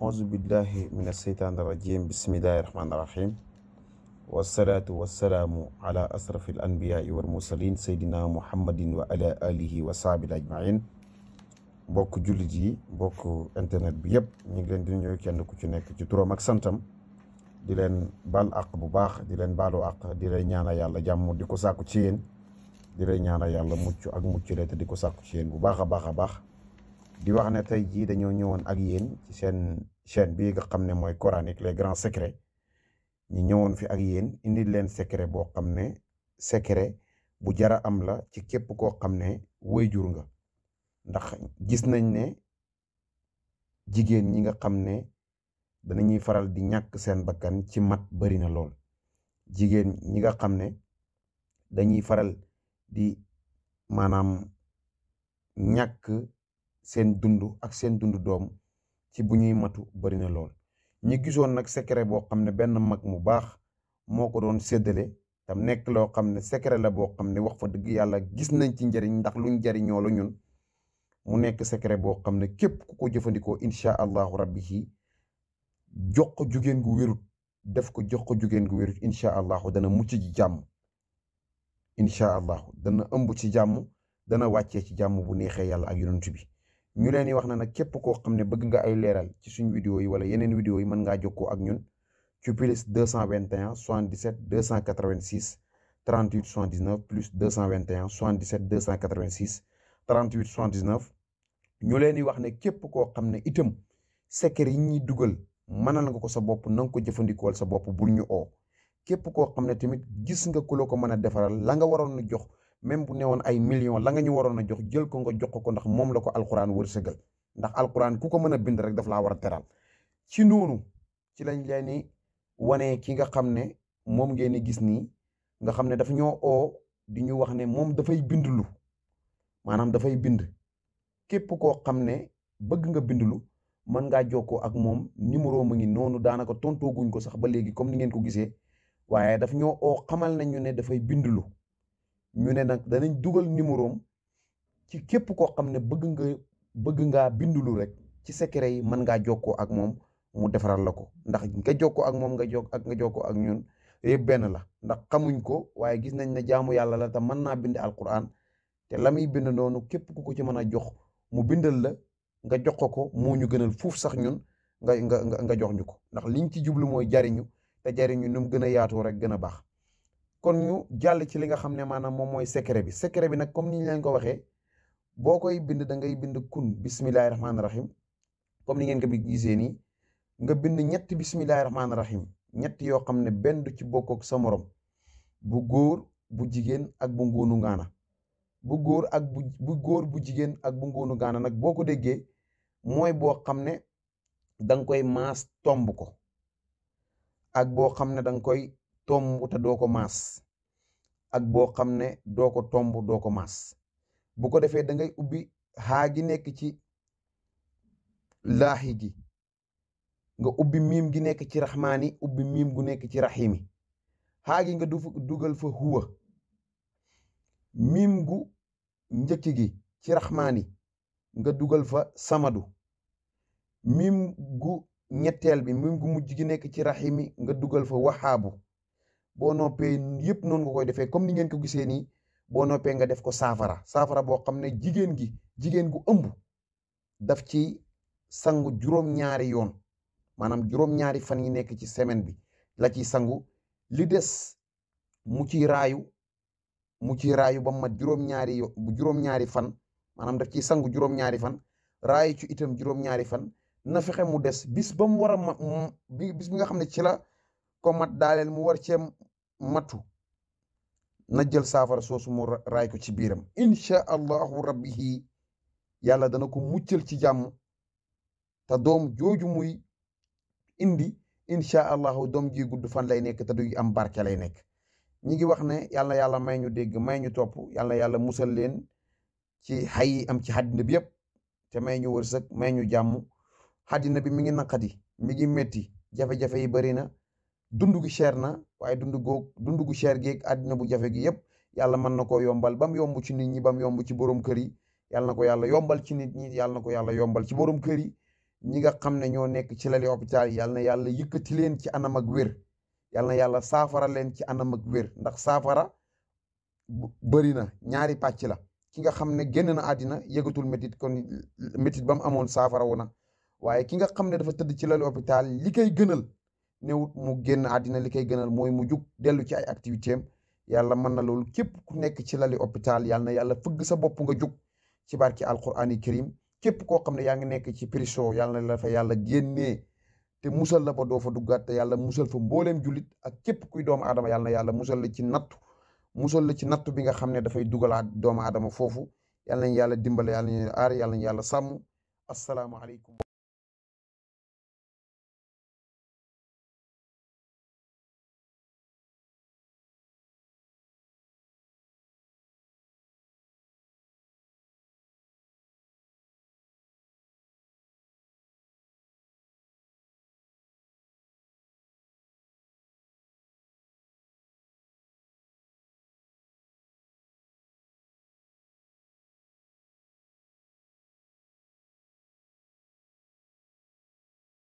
auzu billahi min asseytaan irrajim bismillahi irrahmani irrahim wassalaatu wassalaamu ala asrafi al anbiyaai wal mursalin saydina muhammadin wa ala alihi wa sahbihi ajmain mbokk jullit yi internet bi yëpp ñu ngi leen di ñëw kenn ku ci nekk ci turam ak santam di leen baal àq bu baax di leen baalu àq di leen ñaana yàlla jàmm di ko sàkku ci di leen ñaana yàlla mucc ak mucc leete di ko sàkku ci bu baax a baax a baax di wax na tey jii dañoo ñëwoon ak yéen ci seen chaîne bii nga xam ne mooy coranique les grands secrets ñu ñëwoon fi ak yéen indil leen secret boo xam ne secret bu jara am la ci kepp koo xam ne waajur nga ndax gis nañ ne jigéen ñi nga xam ne danañuy faral di ñàkk seen bakkan ci mat bari na lool jigéen ñi nga xam ne dañuy faral di maanaam ñàkk seen dund ak seen dund doom ci bu ñuy matu bari na lool ñi gisoon nag secret boo xam ne benn mag mu baax moo ko doon seddale tam nekk loo xam ne secret la boo xam ne wax fa dëgg yàlla gis nañ ci njariñ ndax luñ jariñoo la ñun mu nekk secret boo xam ne képp ku ko jëfandikoo incha allahu rabbi hi jox ko jugéen gu wérut def ko jox ko jugéen gu wérut incha allahu dana mucc ci jàmm incha allahu dana ëmb ci jàmm dana wàccee ci jàmm bu neexee yàlla ak yonent bi ñu leen di wax na nag képp koo xam ne bëgg nga ay leeral ci suñu vidéo yi wala yeneen vidéo yi mën jog ko ak ñun ci plus 221 77 286 38 79 plus 221 77 286 38 79 ñu leen di wax ne képp koo xam ne itam secret yi ñuy dugal mënal nga ko sa bopp na nga ko jëfandikool sa bopp bu ñu oo képp koo xam ne tamit gis nga ku la ko mën a defaral la nga waroon jox même bu newoon ay millions la nga ñu waroon a jox jël ko nga jox ko ndax moom la ko alxuraan wërsëgal ndax alxuraan ku ko mën a bind rek daf laa war a teral ci noonu ci lañ leen ni wane ki nga xam ne moom ngeen gis nii nga xam ne daf ñoo oo di ñu wax ne moom dafay bind lu maanaam dafay bind képp koo xam ne bëgg nga bind mën ngaa jokkoo ak moom numéro mu ngi noonu daanaka tontooguñ ko sax ba léegi comme ni ngeen ko gisee waaye daf ñoo oo xamal nañu ne dafay bind lu ñu ne nag danañ dugal numéro am ci képp koo xam ne bëgg nga bëgg ngaa bindulu rek ci secret yi mën ngaa jokkoo ak moom mu defaral la ko ndax nga jokkoo ak moom nga jokk ak nga jokkoo ak ñun benn la ndax xamuñ ko waaye gis nañ ne jaamu yàlla la te mën naa bind alquran te la muy bind noonu képp ku ko ci mën a jox mu bindal la nga jox ko ko moo gënal fuuf sax ñun nga nga nga jox ñu ko ndax liñ ci jublu mooy jariñu te jariñu nu mu gën a yaatoo rek gën a baax kon mm. ñu jàll ci li nga xam ne maanaam moom mooy secret bi secret bi nag comme ni ñu leen ko waxe boo koy bind dangay bind kun bismillahi rahmaani rahim comme ni ngeen ko bi gisee nii nga bind ñetti bismillahi rahmaani rahim ñetti yoo xam ne benn du ci bokk ak sa moroom bu góor bu jigéen ak bu ngóonu ngaana bu góor ak bu bu góor bu jigéen ak bu ngóonu ngaana nag boo ko déggee mooy boo xam ne danga koy maas tomb ko ak boo xam ne danga koy tomb te doo ko maas ak boo xam ne doo ko tomb doo ko maas bu ko defee da ngay ubbi xaa gi nekk ci laaxi gi nga ubbi miim gi nekk ci raxmaani ubbi miim gu nekk ci raxiimi xaa gi nga dugal fa huwa miim gu njëkk gi ci raxmaani nga dugal fa samadu miim gu ñetteel bi miim gu mujj gi nekk ci raxiimi nga dugal fa waxaabu boo noppee yëpp noonu nga koy defee comme ni ngeen ko gisee nii boo noppee nga def ko saafara saafara boo xam ne jigéen gi jigéen gu ëmb daf ci sangu juróom-ñaari yoon maanaam juróom-ñaari fan yi nekk ci semaine bi la ciy sangu li des mu ciy raayu mu ciy raayu ba mat juróom-ñaari fan maanaam daf ciy sangu juróom-ñaari fan raayu ci itam juróom-ñaari fan na fexe mu des bis ba mu war a bis bi nga xam ne ci la. ko mat daaleel mu war cee matu na jël saafara soosu mu raay ci biiram incha allahu rabbihi yàlla dana ko muccal ci jàmm te doom jooju muy indi incha allahu doom ji gudd fan lay nekk te du am barke lay nekk ñi ngi wax ne yàlla yàlla may ñu dégg may ñu topp yàlla yàlla musal leen ci xay am ci àddina bi yëpp te may ñu wërsëg may ñu jàmm àddina bi mi ngi naqadi mi ngi metti jafe-jafe yi bari na dund gi cher na waaye dund goog dund gu cher geeg àddina bu jafe gi yépp yàlla mën na koo yombal ba mu yomb ci nit ñi ba mu yomb ci borom kër yi yàlla na ko yàlla yombal ci nit ñi yàlla na ko yàlla yombal ci borom kër yi ñi nga xam ne ñoo nekk ci lali hôpital yi yàlla na yàlla yëkkati leen ci anam ak wér yàlla na yàlla saafara leen ci anam ak wér ndax saafara bëri na ñaari pàcc la ki nga xam ne génn na àddina yëgatul métit kon métit ba mu amoon saafara wu na waaye ki nga xam ne dafa tëdd ci lali hôpital li koy gënal néewut mu génn àddina li koy gënal mooy mu jug dellu ci ay activité am yàlla mën na loolu képp ku nekk ci lali hôpital yàlla na yàlla fëgg sa bopp nga jug ci barki alqurani karim képp koo xam ne yaa ngi nekk ci prison yàlla na la fa yàlla génnee te musal la ba doo fa yàlla musal fa mbooleem ak képp kuy doomu aadama yàlla yàlla musal la ci nattu musal la ci nattu bi nga xam ne dafay dugalaat doomu aadama foofu yàlla nañ yàlla dimbale yàlla nañ aar yàlla nañ yàlla sàmm asalaamaaleykum